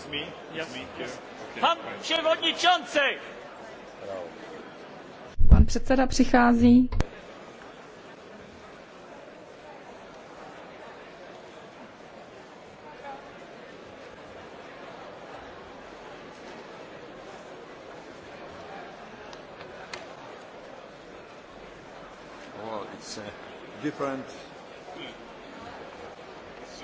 It's me? Yes. It's me here. Okay. Pan przewodniczący. Pan předseda přichází. Oh, it's a different